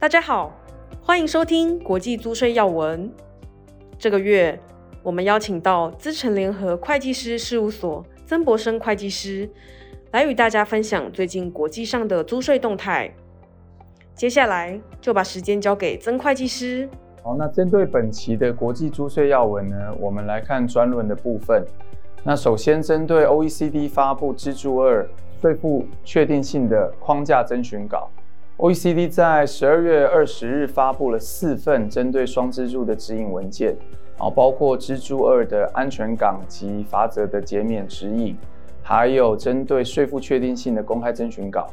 大家好，歡迎收聽國際租稅要聞。這個月，我們邀請到資誠聯合會計師事務所曾博生會計師來與大家分享最近國際上的租稅動態。接下來就把時間交給曾會計師。好，那針對本期的國際租稅要聞呢，我們來看專論的部分。那首先針對 OECD 發布支柱二稅負確定性的框架徵詢稿。OECD 在十二月二十日發布了四份針對雙支柱的指引文件，啊，包括支柱二的安全港及罰則的減免指引，還有針對稅負確定性的公開徵詢稿，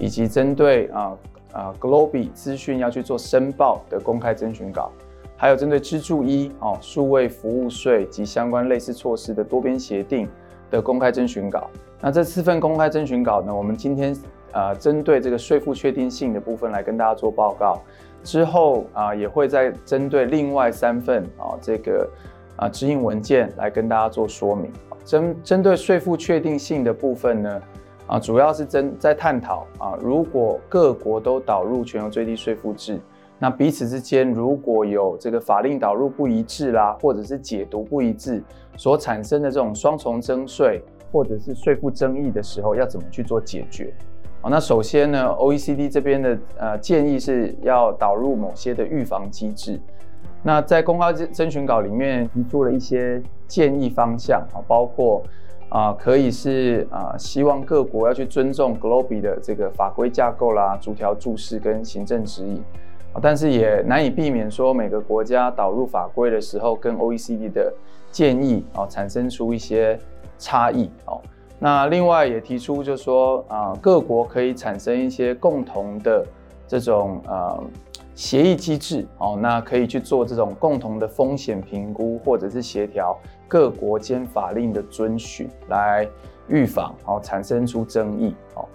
以及針對啊啊 GloBE 資訊要去做申報的公開徵詢稿，還有針對支柱一哦數位服務稅及相關類似措施的多邊協定的公開徵詢稿。那這四份公開徵詢稿呢，我們今天。啊，針對這個稅負確定性的部分來跟大家做報告，之後啊也會再針對另外三份啊這個啊指引文件來跟大家做說明。啊，針針對稅負確定性的部分呢，啊主要是針在探討啊，如果各國都導入全球最低稅負制，那彼此之間如果有這個法令導入不一致啦，或者是解讀不一致所產生的這種雙重徵稅或者是稅負爭議的時候，要怎麼去做解決？好、哦，那首先呢，OECD 這邊的呃建議是要導入某些的預防機制。那在公開徵詢稿裡面，提出了一些建議方向啊、哦，包括啊、呃、可以是啊、呃、希望各國要去尊重 GloBE 的這個法規架構啦、逐條注釋跟行政指引啊、哦，但是也難以避免說每個國家導入法規的時候，跟 OECD 的建議啊、哦、產生出一些差異哦。那另外也提出，就是說啊，各國可以產生一些共同的這種呃、啊、協議機制哦，那可以去做這種共同的風險評估，或者是協調各國間法令的遵循，來預防哦產生出爭議哦，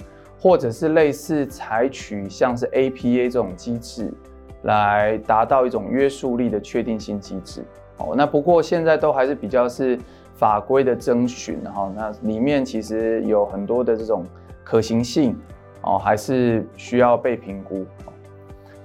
或者是類似採取像是 APA 這種機制來達到一種約束力的確定性機制哦。那不過現在都還是比較是。法規的徵詢，哈，那裡面其實有很多的這種可行性，哦，還是需要被評估。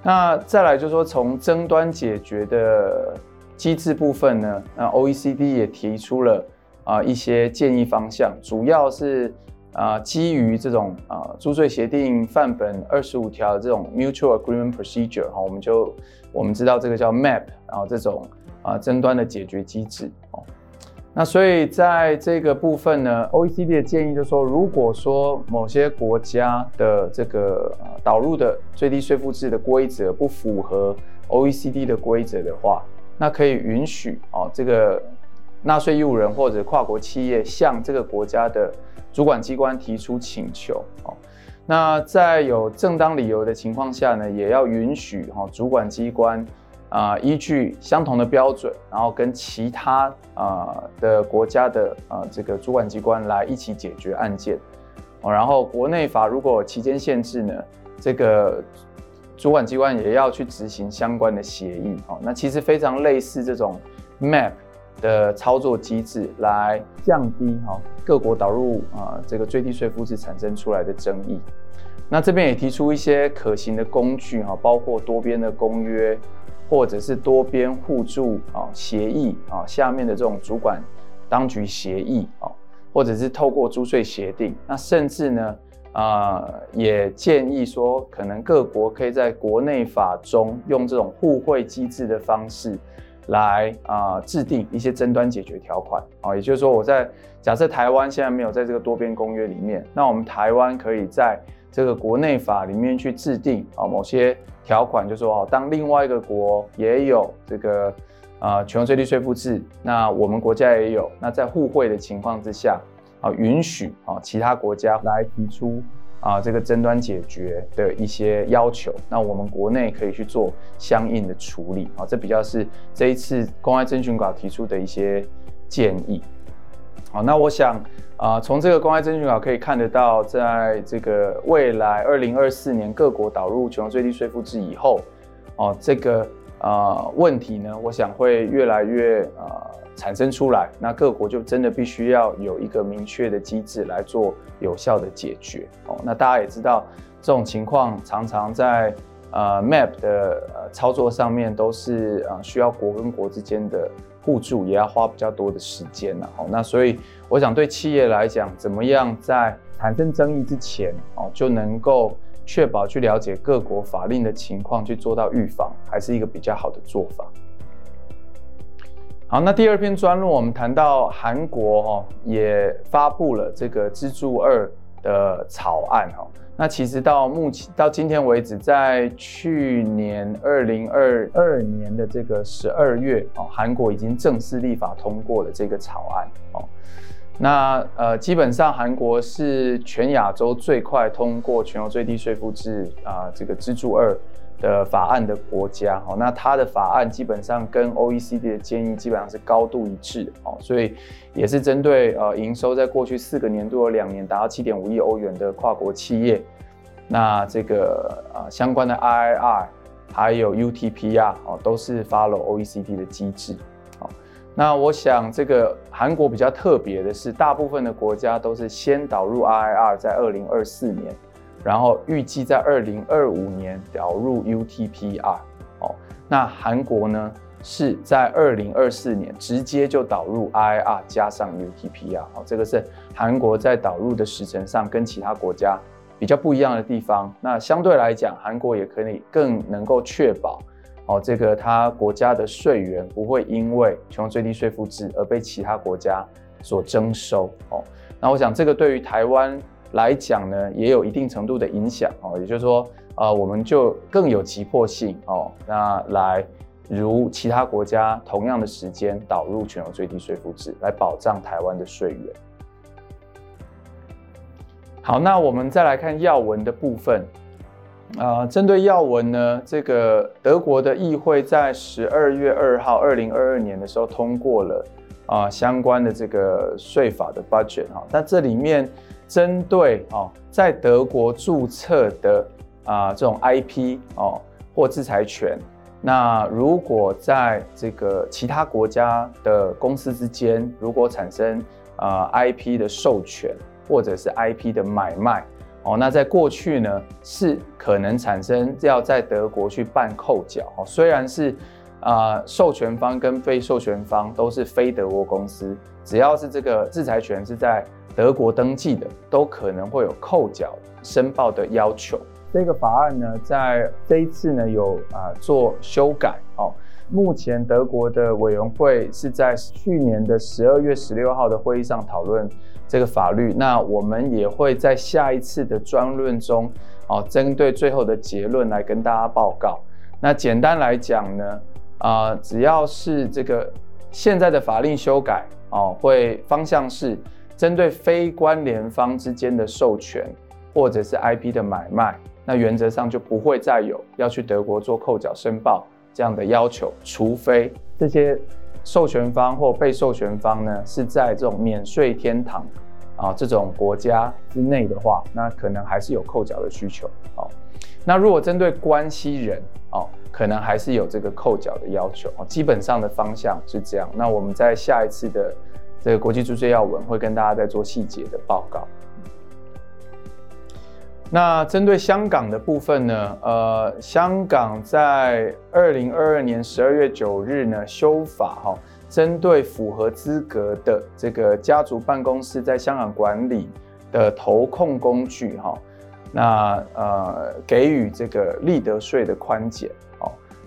那再來就是說，從爭端解決的機制部分呢，那 OECD 也提出了啊一些建議方向，主要是啊基於這種啊租稅協定範本二十五條的這種 Mutual Agreement Procedure，哈，我們就我們知道這個叫 MAP，然後這種啊爭端的解決機制，哦。那所以在這個部分呢，OECD 的建議就是說，如果說某些國家的這個導入的最低稅負制的規則不符合 OECD 的規則的話，那可以允許哦這個納稅義務人或者跨國企業向這個國家的主管機關提出請求哦。那在有正當理由的情況下呢，也要允許哈、哦、主管機關。啊，依據相同的標準，然後跟其他啊的國家的啊這個主管機關來一起解決案件，哦，然後國內法如果期間限制呢，這個主管機關也要去執行相關的協議，哦，那其實非常類似這種 MAP 的操作機制來降低哈各國導入啊這個最低稅負制產生出來的爭議。那這邊也提出一些可行的工具哈，包括多邊的公約。或者是多邊互助啊協、哦、議啊、哦、下面的這種主管當局協議啊、哦，或者是透過租稅協定，那甚至呢啊、呃、也建議說，可能各國可以在國內法中用這種互惠機制的方式來，來、呃、啊制定一些爭端解決條款啊、哦，也就是說，我在假設台灣現在沒有在這個多邊公約裡面，那我們台灣可以在。這個國內法裡面去制定啊，某些條款就是說、啊、當另外一個國也有這個啊、呃、全球最低稅負制，那我們國家也有，那在互惠的情況之下啊，允許啊其他國家來提出啊這個爭端解決的一些要求，那我們國內可以去做相應的處理啊，這比較是這一次公開徵詢稿提出的一些建議，好、啊，那我想。啊、呃，從這個《公開徵詢稿》可以看得到，在這個未來二零二四年各國導入全球最低稅負制以後，哦，這個呃問題呢，我想會越來越呃產生出來。那各國就真的必須要有一個明確的機制來做有效的解決。哦，那大家也知道，這種情況常常在呃 MAP 的操作上面都是啊、呃、需要國跟國之間的。互助，也要花比較多的時間了，哦，那所以我想對企業來講，怎麼樣在產生爭議之前，哦，就能夠確保去了解各國法令的情況，去做到預防，還是一個比較好的做法。好，那第二篇專論，我們談到韓國，哦，也發布了這個支柱二的草案，那其實到目前到今天為止，在去年二零二二年的這個十二月，哦，韓國已經正式立法通過了這個草案，哦，那呃，基本上韓國是全亞洲最快通過全球最低稅負制啊，呃，這個支柱二。的法案的國家，哦，那他的法案基本上跟 OECD 的建議基本上是高度一致，哦，所以也是針對呃營收在過去四個年度有兩年達到七點五億歐元的跨國企業，那這個啊相關的 IIR，還有 UTPR，哦，都是 follow OECD 的機制，好，那我想這個韓國比較特別的是，大部分的國家都是先導入 IIR，在二零二四年。然後預計在二零二五年導入 UTPR，哦，那韓國呢是在二零二四年直接就導入 IR 加上 UTPR，哦，這個是韓國在導入的時程上跟其他國家比較不一樣的地方。那相對來講，韓國也可以更能夠確保，哦，這個它國家的稅源不會因為全球最低稅負制而被其他國家所徵收，哦，那我想這個對於台灣來講呢，也有一定程度的影響哦，也就是說，啊、呃，我們就更有急迫性哦，那來如其他國家同樣的時間導入全球最低稅負制，來保障台灣的稅源。好，那我們再來看要聞的部分，啊、呃，針對要聞呢，這個德國的議會，在十二月二號二零二二年的時候通過了啊、呃、相關的這個稅法的 budget 那、哦、這裡面。針對哦，在德國註冊的啊這種 IP 哦，或智財權，那如果在這個其他國家的公司之間，如果產生啊 IP 的授權或者是 IP 的買賣哦，那在過去呢是可能產生要在德國去辦扣繳哦，雖然是啊授權方跟非授權方都是非德國公司，只要是這個智財權是在。德國登記的都可能會有扣繳申報的要求。這個法案呢，在這一次呢有啊、呃、做修改。哦，目前德國的委員會是在去年的十二月十六號的會議上討論這個法律。那我們也會在下一次的專論中，哦，針對最後的結論來跟大家報告。那簡單來講呢，啊、呃，只要是這個現在的法令修改，哦，會方向是。針對非關聯方之間的授權或者是 IP 的買賣，那原則上就不會再有要去德國做扣繳申報這樣的要求，除非這些授權方或被授權方呢是在這種免稅天堂啊，哦，這種國家之內的話，那可能還是有扣繳的需求，哦。那如果針對關係人哦，可能還是有這個扣繳的要求，哦。基本上的方向是這樣。那我們在下一次的。這個國際租稅要聞會跟大家在做細節的報告。那針對香港的部分呢，呃，香港在二零二二年十二月九日呢修法哈、哦，針對符合資格的這個家族辦公室在香港管理的投控工具哈、哦，那呃給予這個利得稅的寬減。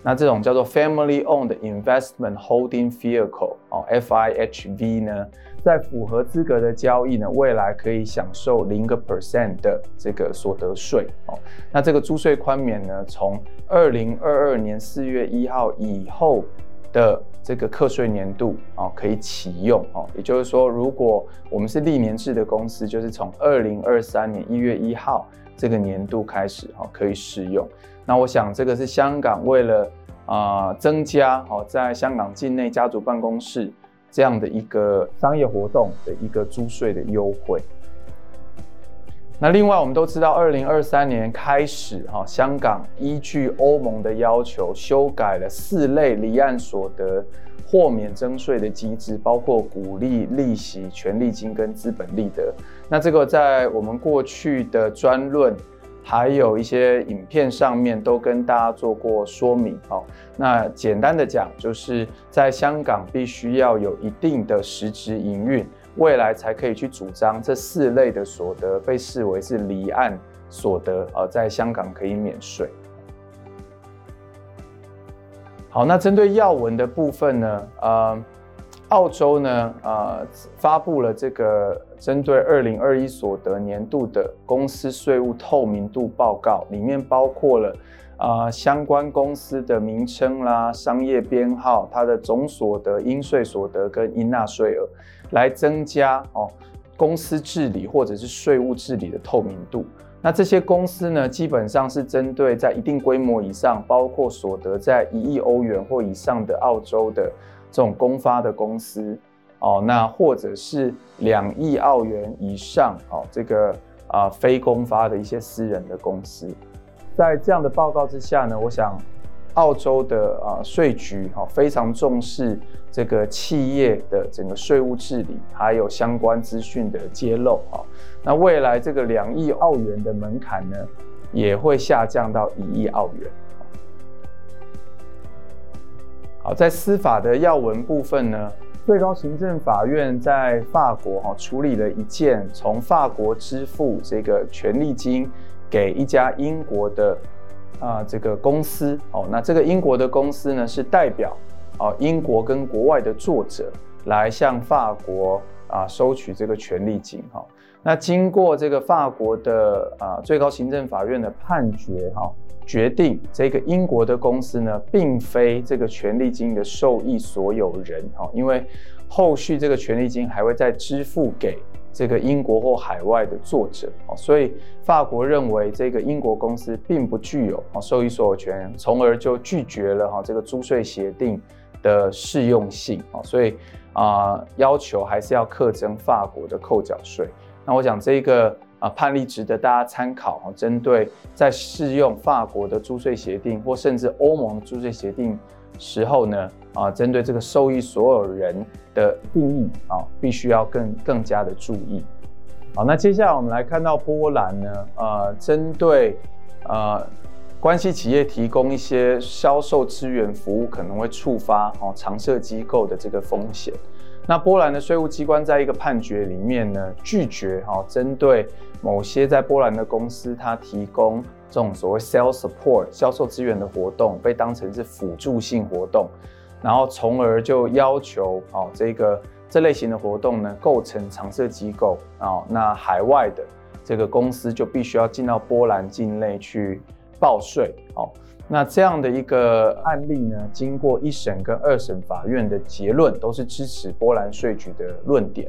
那這種叫做 Family Owned Investment Holding Vehicle 哦 F I H V 呢，在符合資格的交易呢，未來可以享受零個 percent 的這個所得稅哦。那這個租稅寬免呢，從二零二二年四月一號以後的這個課稅年度哦，可以啟用哦。也就是說，如果我們是歷年制的公司，就是從二零二三年一月一號這個年度開始哦，可以使用。那我想，這個是香港為了啊、呃、增加、哦、在香港境內家族辦公室這樣的一個商業活動的一個租稅的優惠。那另外，我們都知道，二零二三年開始哈、哦，香港依據歐盟的要求，修改了四類離岸所得豁免徵稅的機制，包括股利、利息、權利金跟資本利得。那這個在我們過去的專論。還有一些影片上面都跟大家做過說明哦。那簡單的講，就是在香港必須要有一定的實質營運，未來才可以去主張這四類的所得被視為是離岸所得，而、呃、在香港可以免稅。好，那針對要聞的部分呢，呃澳洲呢，呃，發布了這個針對二零二一所得年度的公司稅務透明度報告，裡面包括了啊、呃、相關公司的名稱啦、商業編號、它的總所得、應稅所得跟應納稅額，來增加哦公司治理或者是稅務治理的透明度。那這些公司呢，基本上是針對在一定規模以上，包括所得在一億歐元或以上的澳洲的。這種公發的公司，哦，那或者是兩億澳元以上，哦，這個啊、呃、非公發的一些私人的公司，在這樣的報告之下呢，我想澳洲的啊、呃、稅局哈、哦，非常重視這個企業的整個稅務治理，還有相關資訊的揭露哈、哦。那未來這個兩億澳元的門檻呢，也會下降到一億澳元。好，在司法的要聞部分呢，最高行政法院在法國哈、哦、處理了一件，從法國支付這個權利金給一家英國的啊、呃、這個公司哦，那這個英國的公司呢是代表哦英國跟國外的作者來向法國。啊，收取這個權利金哈、啊。那經過這個法國的啊最高行政法院的判決哈、啊，決定這個英國的公司呢，並非這個權利金的受益所有人哈、啊。因為後續這個權利金還會再支付給這個英國或海外的作者啊，所以法國認為這個英國公司並不具有啊受益所有權，從而就拒絕了哈、啊、這個租稅協定的適用性啊，所以。啊、呃，要求還是要課徵法國的扣繳稅。那我講這個啊、呃、判例，值得大家參考啊，針對在適用法國的租稅協定或甚至歐盟的租稅協定時候呢，啊、呃，針對這個受益所有人的定義啊、呃，必須要更更加的注意。好，那接下來我們來看到波蘭呢，呃，針對呃。關係企業提供一些銷售資源服務，可能會觸發哦常設機構的這個風險。那波蘭的稅務機關在一個判決裡面呢，拒絕哈，哦，針對某些在波蘭的公司，它提供這種所謂 sell support 銷售資源的活動，被當成是輔助性活動，然後從而就要求哦這個這類型的活動呢構成常設機構哦。那海外的這個公司就必須要進到波蘭境內去。報稅，好、哦，那這樣的一個案例呢，經過一審跟二審法院的結論，都是支持波蘭稅局的論點。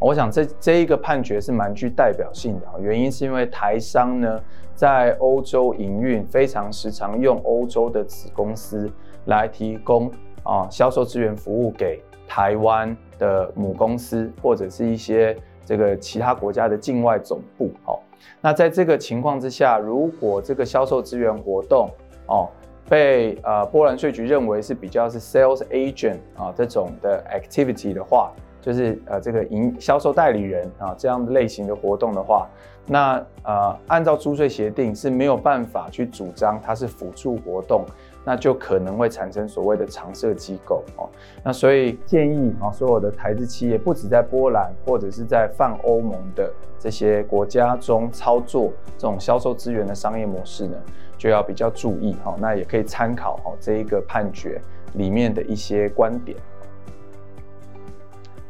哦、我想這這一個判決是蠻具代表性的，哦、原因是因為台商呢在歐洲營運，非常時常用歐洲的子公司來提供啊、哦、銷售資源服務給台灣的母公司或者是一些。這個其他國家的境外總部，哦，那在這個情況之下，如果這個銷售資源活動，哦，被呃波蘭稅局認為是比較是 sales agent 啊、哦、這種的 activity 的話，就是呃這個營銷售代理人啊、哦、這樣類型的活動的話，那呃按照租稅協定是沒有辦法去主張它是輔助活動。那就可能會產生所謂的常設機構哦，那所以建議啊、哦，所有的台資企業，不只在波蘭或者是在泛歐盟的這些國家中操作這種銷售資源的商業模式呢，就要比較注意哈、哦。那也可以參考哈、哦、這一個判決裡面的一些觀點。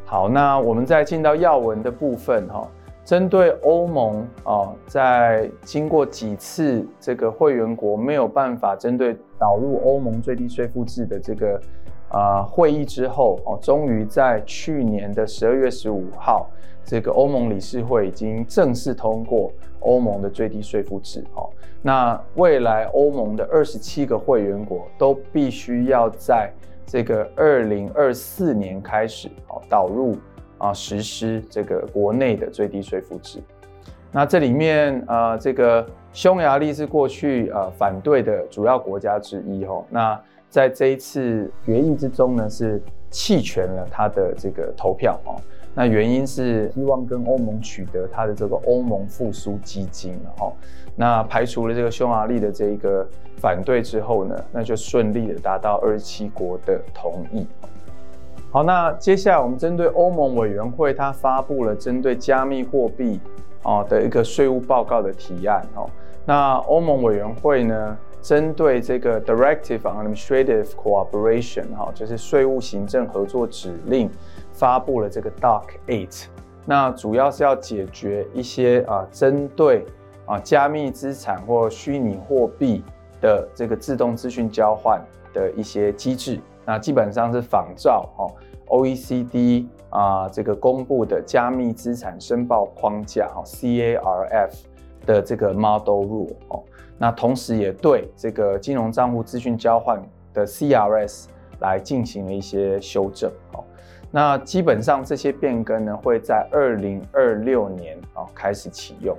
好，那我們再進到要聞的部分哈、哦。針對歐盟啊、哦，在經過幾次這個會員國沒有辦法針對導入歐盟最低稅負制的這個啊、呃、會議之後，哦，終於在去年的十二月十五號，這個歐盟理事會已經正式通過歐盟的最低稅負制。哦，那未來歐盟的二十七個會員國都必須要在這個二零二四年開始，好、哦、導入。啊，實施這個國內的最低稅負制。那這裡面，啊、呃，這個匈牙利是過去呃反對的主要國家之一哦。那在這一次決議之中呢，是棄權了他的這個投票哦。那原因是希望跟歐盟取得他的這個歐盟復甦基金哦。那排除了這個匈牙利的這一個反對之後呢，那就順利的達到二十七國的同意。好，那接下來我們針對歐盟委員會，它發佈了針對加密貨幣啊的一個稅務報告的提案哦。那歐盟委員會呢，針對這個 Directive on Administrative Cooperation 哈，就是稅務行政合作指令，發佈了這個 DAC 8。那主要是要解決一些啊，針對啊加密資產或虛擬貨幣的這個自動資訊交換的一些機制。那基本上是仿照哦，OECD 啊這個公布的加密資產申報框架哦，CARF 的這個 model rule 哦，那同時也對這個金融賬戶資訊交換的 CRS 來進行了一些修正哦，那基本上這些變更呢會在二零二六年哦開始啟用。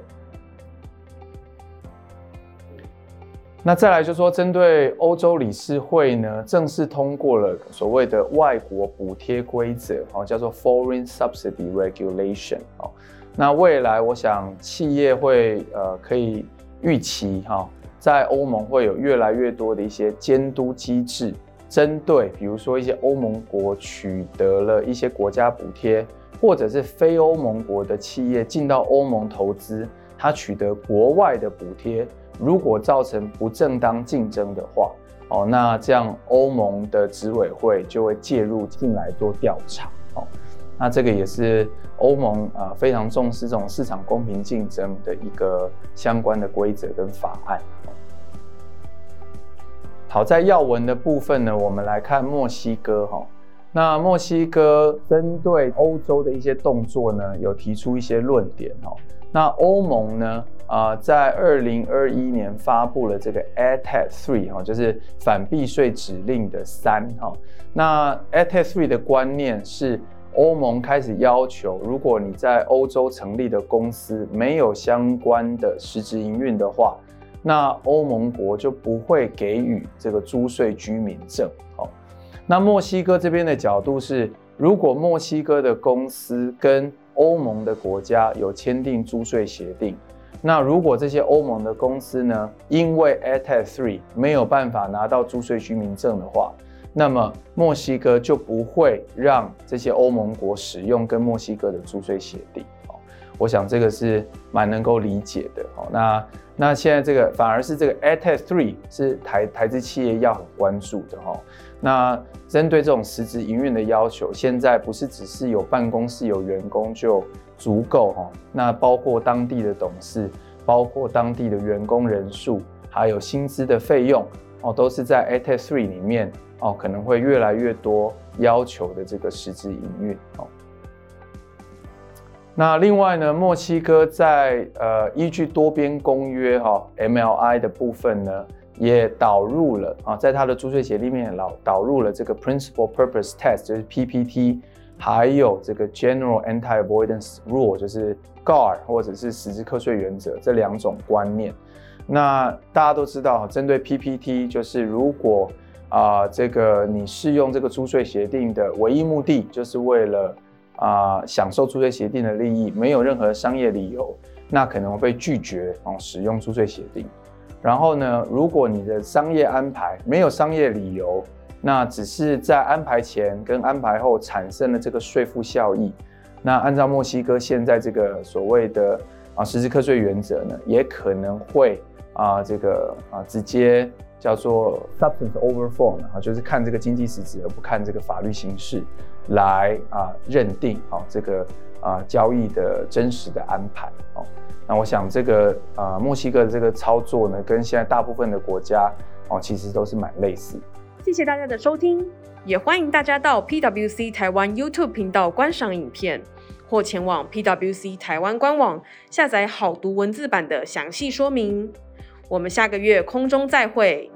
那再來就是說，針對歐洲理事會呢，正式通過了所謂的外國補貼規則，哈，叫做 Foreign Subsidy Regulation，哦，那未來我想企業會呃可以預期哈、哦，在歐盟會有越來越多的一些監督機制，針對比如說一些歐盟國取得了一些國家補貼，或者是非歐盟國的企業進到歐盟投資。他取得國外的補貼，如果造成不正當競爭的話，哦，那這樣歐盟的執委會就會介入進來做調查，哦，那這個也是歐盟啊非常重視這種市場公平競爭的一個相關的規則跟法案。好，在要聞的部分呢，我們來看墨西哥哈，那墨西哥針對歐洲的一些動作呢，有提出一些論點哦。那歐盟呢？啊、呃，在二零二一年發布了這個 ATAD3 哈、哦，就是反避稅指令的三哈、哦。那 ATAD3 的觀念是，歐盟開始要求，如果你在歐洲成立的公司沒有相關的實質營運的話，那歐盟國就不會給予這個租稅居民證。哦、那墨西哥這邊的角度是，如果墨西哥的公司跟歐盟的國家有簽訂租稅協定，那如果這些歐盟的公司呢，因為 ATAD 3沒有辦法拿到租稅居民證的話，那麼墨西哥就不會讓這些歐盟國使用跟墨西哥的租稅協定。我想這個是蠻能夠理解的。那那現在這個反而是這個 ATAD 3是台台資企業要很關注的哦。那針對這種實質營運的要求，現在不是只是有辦公室、有員工就足夠，哦、那包括當地的董事，包括當地的員工人數，還有薪資的費用哦，都是在 ATAD 3裡面哦，可能會越來越多要求的這個實質營運哦。那另外呢，墨西哥在呃依據多邊公約哈、哦、MLI 的部分呢？也導入了啊，在他的租稅協定裡面，導導入了這個 principal purpose test，就是 PPT，還有這個 general anti avoidance rule，就是 GAAR 或者是實質課稅原則這兩種觀念。那大家都知道，針對 PPT，就是如果啊、呃，這個你適用這個租稅協定的唯一目的就是為了啊、呃、享受租稅協定的利益，沒有任何商業理由，那可能會被拒絕啊、呃、使用租稅協定。然後呢，如果你的商業安排沒有商業理由，那只是在安排前跟安排後產生了這個稅負效益，那按照墨西哥現在這個所謂的啊實質課稅原則呢，也可能會啊這個啊直接。叫做 substance over form 就是看這個經濟實質而不看這個法律形式，來啊認定啊這個啊交易的真實的安排。那我想這個啊墨西哥的這個操作呢，跟現在大部分的國家其實都是蠻類似。謝謝大家的收聽，也歡迎大家到 PwC 台灣 YouTube 頻道觀賞影片，或前往 PwC 台灣官網下載好讀文字版的詳細說明。我們下個月空中再會。